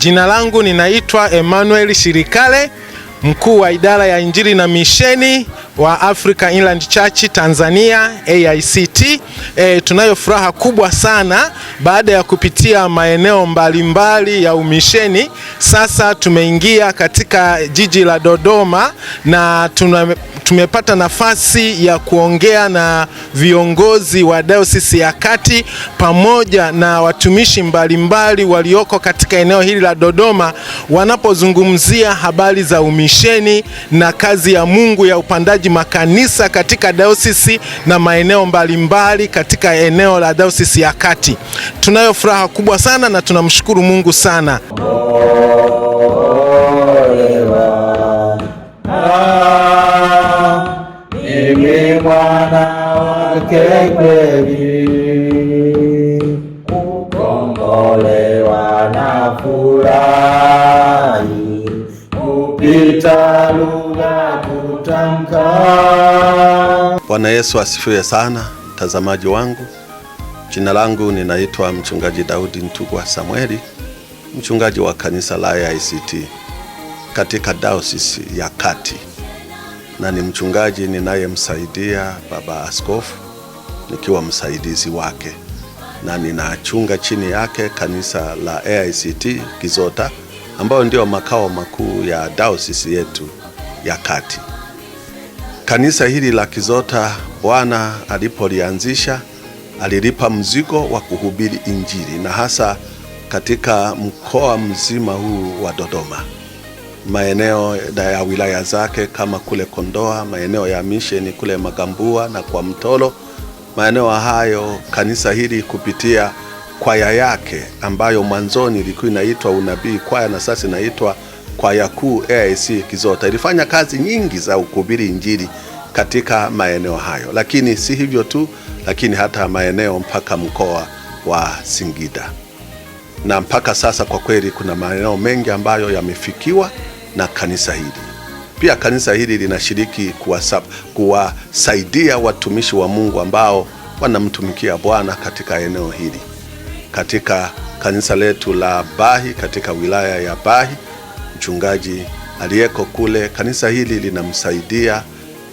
Jina langu ninaitwa Emmanuel Shirikale, mkuu wa idara ya injili na misheni wa Africa Inland Church Tanzania AICT. E, tunayo furaha kubwa sana baada ya kupitia maeneo mbalimbali ya umisheni, sasa tumeingia katika jiji la Dodoma na tuna tumepata nafasi ya kuongea na viongozi wa Dayosisi ya Kati pamoja na watumishi mbalimbali walioko katika eneo hili la Dodoma wanapozungumzia habari za umisheni na kazi ya Mungu ya upandaji makanisa katika dayosisi na maeneo mbalimbali katika eneo la Dayosisi ya Kati. Tunayo furaha kubwa sana na tunamshukuru Mungu sana. wake kweli, kukombolewa na furahi, kupita lugha kutamka. Bwana Yesu asifiwe sana, mtazamaji wangu. Jina langu ninaitwa Mchungaji Daudi Ntugwa Samweli, mchungaji wa kanisa la ICT katika Dayosisi ya Kati na ni mchungaji ninayemsaidia baba askofu nikiwa msaidizi wake na ninachunga chini yake kanisa la AICT Kizota ambayo ndio makao makuu ya dayosisi yetu ya Kati. Kanisa hili la Kizota, Bwana alipolianzisha alilipa mzigo wa kuhubiri Injili na hasa katika mkoa mzima huu wa Dodoma, maeneo ya wilaya zake kama kule Kondoa, maeneo ya misheni kule Magambua na kwa Mtolo maeneo hayo kanisa hili kupitia kwaya yake ambayo mwanzoni ilikuwa inaitwa Unabii Kwaya na sasa inaitwa Kwaya Kuu AIC Kizota. Ilifanya kazi nyingi za kuhubiri Injili katika maeneo hayo, lakini si hivyo tu, lakini hata maeneo mpaka mkoa wa Singida na mpaka sasa kwa kweli kuna maeneo mengi ambayo yamefikiwa na kanisa hili. Pia kanisa hili linashiriki kuwasaidia watumishi wa Mungu ambao wanamtumikia Bwana katika eneo hili, katika kanisa letu la Bahi katika wilaya ya Bahi. Mchungaji aliyeko kule, kanisa hili linamsaidia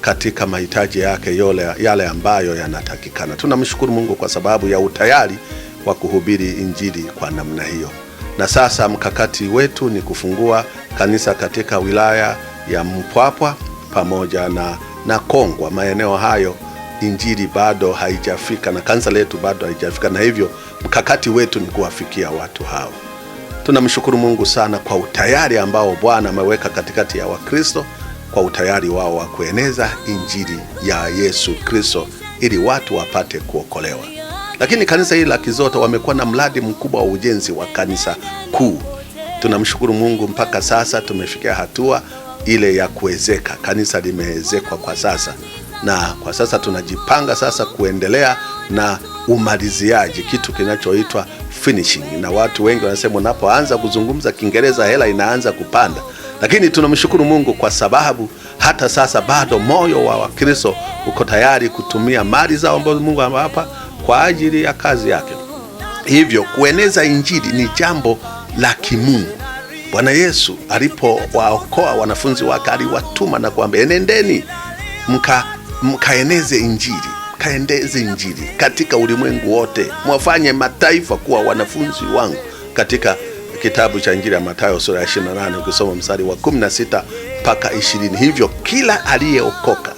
katika mahitaji yake yole, yale ambayo yanatakikana. Tunamshukuru Mungu kwa sababu ya utayari wa kuhubiri injili kwa namna hiyo. Na sasa mkakati wetu ni kufungua kanisa katika wilaya ya Mpwapwa pamoja na, na Kongwa. Maeneo hayo injili bado haijafika na kanisa letu bado haijafika, na hivyo mkakati wetu ni kuwafikia watu hao. Tunamshukuru Mungu sana kwa utayari ambao Bwana ameweka katikati ya Wakristo, kwa utayari wao wa kueneza injili ya Yesu Kristo ili watu wapate kuokolewa. Lakini kanisa hili la Kizoto wamekuwa na mradi mkubwa wa ujenzi wa kanisa kuu. Tunamshukuru Mungu mpaka sasa tumefikia hatua ile ya kuwezeka. Kanisa limewezekwa kwa sasa, na kwa sasa tunajipanga sasa kuendelea na umaliziaji, kitu kinachoitwa finishing. Na watu wengi wanasema unapoanza kuzungumza Kiingereza hela inaanza kupanda, lakini tunamshukuru Mungu kwa sababu hata sasa bado moyo wa Wakristo uko tayari kutumia mali zao ambazo Mungu amewapa kwa ajili ya kazi yake. Hivyo kueneza Injili ni jambo la kimungu. Bwana Yesu alipowaokoa wanafunzi wake aliwatuma na kwamba enendeni mka mkaeneze injili kaendeze injili katika ulimwengu wote, mwafanye mataifa kuwa wanafunzi wangu. Katika kitabu cha Injili ya Mathayo sura ya 28 ukisoma mstari wa 16 mpaka 20. Hivyo kila aliyeokoka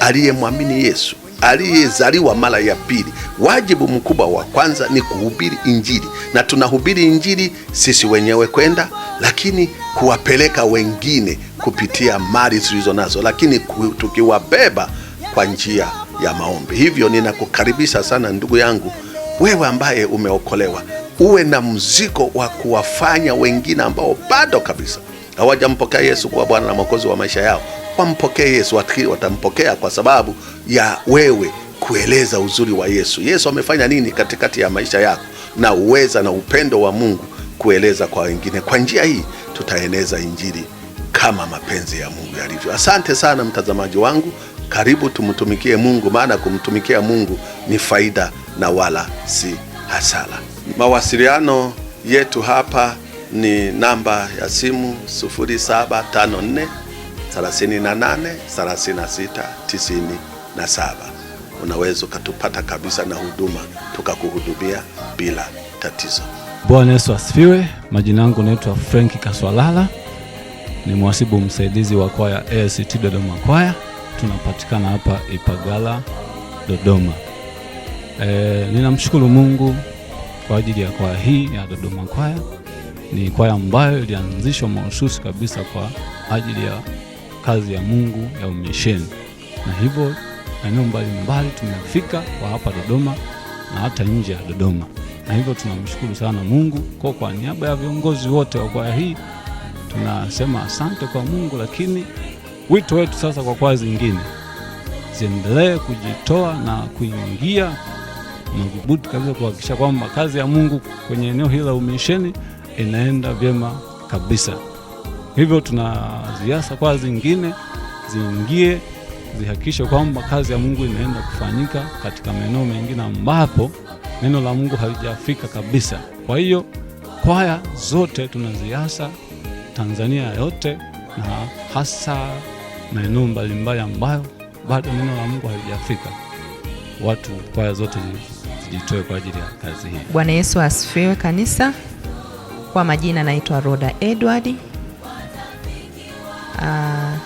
aliyemwamini Yesu aliyezaliwa mara ya pili. Wajibu mkubwa wa kwanza ni kuhubiri Injili, na tunahubiri Injili sisi wenyewe kwenda, lakini kuwapeleka wengine kupitia mali zilizo nazo, lakini tukiwabeba kwa njia ya maombi. Hivyo ninakukaribisha sana ndugu yangu, wewe ambaye umeokolewa, uwe na mzigo wa kuwafanya wengine ambao bado kabisa hawajampokea Yesu kuwa Bwana na Mwokozi wa maisha yao hawampokee Yesu, watampokea kwa sababu ya wewe kueleza uzuri wa Yesu. Yesu amefanya nini katikati ya maisha yako, na uweza na upendo wa Mungu kueleza kwa wengine. Kwa njia hii tutaeneza Injili kama mapenzi ya Mungu yalivyo. Asante sana mtazamaji wangu, karibu tumtumikie Mungu, maana kumtumikia Mungu ni faida na wala si hasara. Mawasiliano yetu hapa ni namba ya simu 754 38 Unaweza ukatupata kabisa na huduma tukakuhudumia bila tatizo. Bwana Yesu asifiwe. Majina yangu naitwa Frank Kaswalala, ni mhasibu msaidizi wa kwaya ACT Dodoma kwaya. Tunapatikana hapa Ipagala, Dodoma. E, ninamshukuru Mungu kwa ajili ya kwaya hii ya Dodoma kwaya. Ni kwaya ambayo ilianzishwa mahususi kabisa kwa ajili ya kazi ya Mungu ya umisheni, na hivyo maeneo mbalimbali tumefika kwa hapa Dodoma na hata nje ya Dodoma, na hivyo tunamshukuru sana Mungu kwa kwa niaba ya viongozi wote wa kwaya hii tunasema asante kwa Mungu, lakini wito wetu sasa kwa kwaya zingine ziendelee kujitoa na kuingia madhubuti kabisa kuhakikisha kwamba kazi ya Mungu kwenye eneo hili la umisheni inaenda vyema kabisa. Hivyo tunaziasa kwa zingine ziingie zihakikishe kwamba kazi ya Mungu inaenda kufanyika katika maeneo mengine ambapo neno la Mungu halijafika kabisa. Kwa hiyo kwaya zote tunaziasa Tanzania yote na hasa maeneo mbalimbali ambayo bado neno la Mungu halijafika, watu kwaya zote zijitoe kwa ajili ya kazi hii. Bwana Yesu asifiwe. Kanisa, kwa majina naitwa Roda Edward Aa, ah,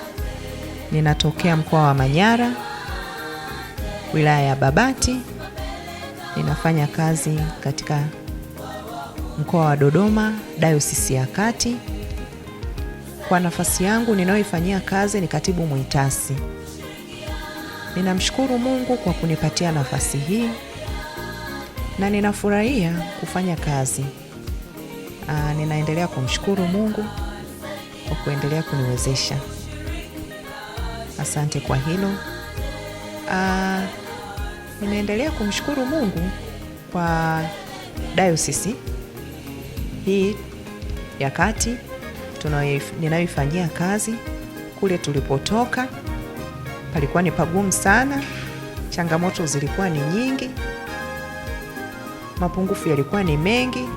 ninatokea mkoa wa Manyara, wilaya ya Babati. Ninafanya kazi katika mkoa wa Dodoma, dayosisi ya Kati. Kwa nafasi yangu ninayoifanyia kazi ni katibu mwitasi. Ninamshukuru Mungu kwa kunipatia nafasi hii na ninafurahia kufanya kazi. Aa, ah, ninaendelea kumshukuru Mungu kwa kuendelea kuniwezesha. Asante kwa hilo. Ah, ninaendelea kumshukuru Mungu kwa dayosisi hii ya kati ninayoifanyia kazi. Kule tulipotoka palikuwa ni pagumu sana, changamoto zilikuwa ni nyingi, mapungufu yalikuwa ni mengi,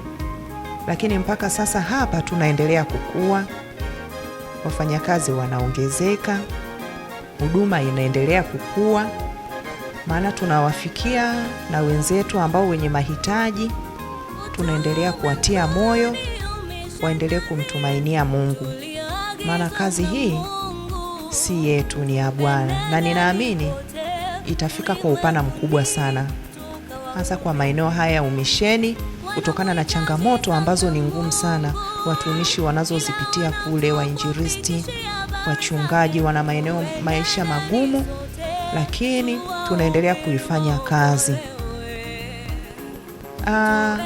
lakini mpaka sasa hapa tunaendelea kukua wafanyakazi wanaongezeka, huduma inaendelea kukua, maana tunawafikia na wenzetu ambao wenye mahitaji, tunaendelea kuwatia moyo waendelee kumtumainia Mungu, maana kazi hii si yetu, ni ya Bwana, na ninaamini itafika kwa upana mkubwa sana, hasa kwa maeneo haya ya umisheni kutokana na changamoto ambazo ni ngumu sana watumishi wanazozipitia kule, wainjiristi wachungaji wana maeneo maisha magumu, lakini tunaendelea kuifanya kazi. Aa, ah,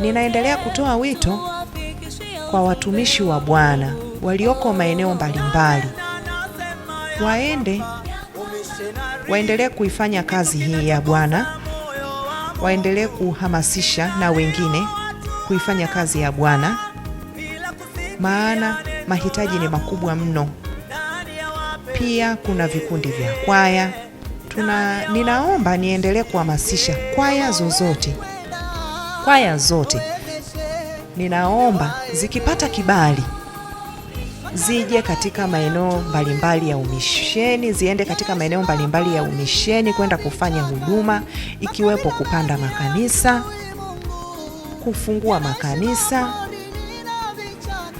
ninaendelea kutoa wito kwa watumishi wa Bwana walioko maeneo mbalimbali waende waendelee kuifanya kazi hii ya Bwana waendelee kuhamasisha na wengine kuifanya kazi ya Bwana, maana mahitaji ni makubwa mno. Pia kuna vikundi vya kwaya tuna, ninaomba niendelee kuhamasisha kwaya zozote, kwaya zote ninaomba zikipata kibali zije katika maeneo mbalimbali ya umisheni, ziende katika maeneo mbalimbali ya umisheni kwenda kufanya huduma, ikiwepo kupanda makanisa, kufungua makanisa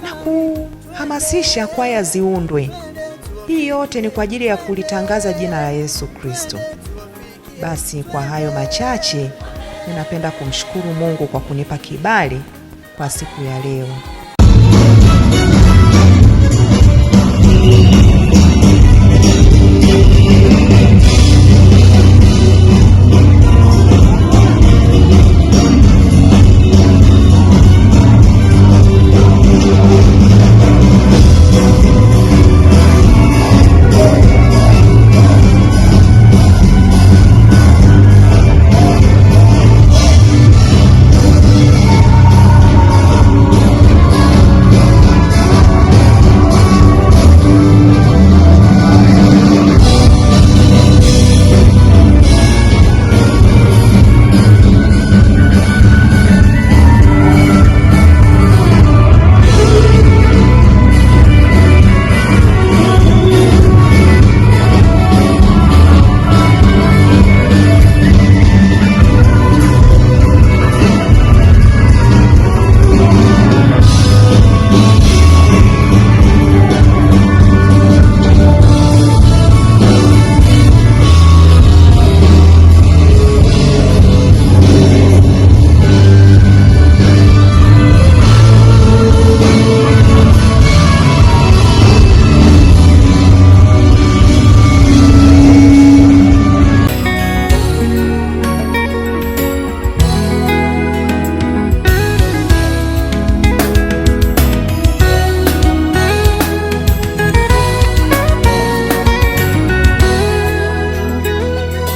na kuhamasisha kwaya ziundwe. Hii yote ni kwa ajili ya kulitangaza jina la Yesu Kristo. Basi kwa hayo machache, ninapenda kumshukuru Mungu kwa kunipa kibali kwa siku ya leo.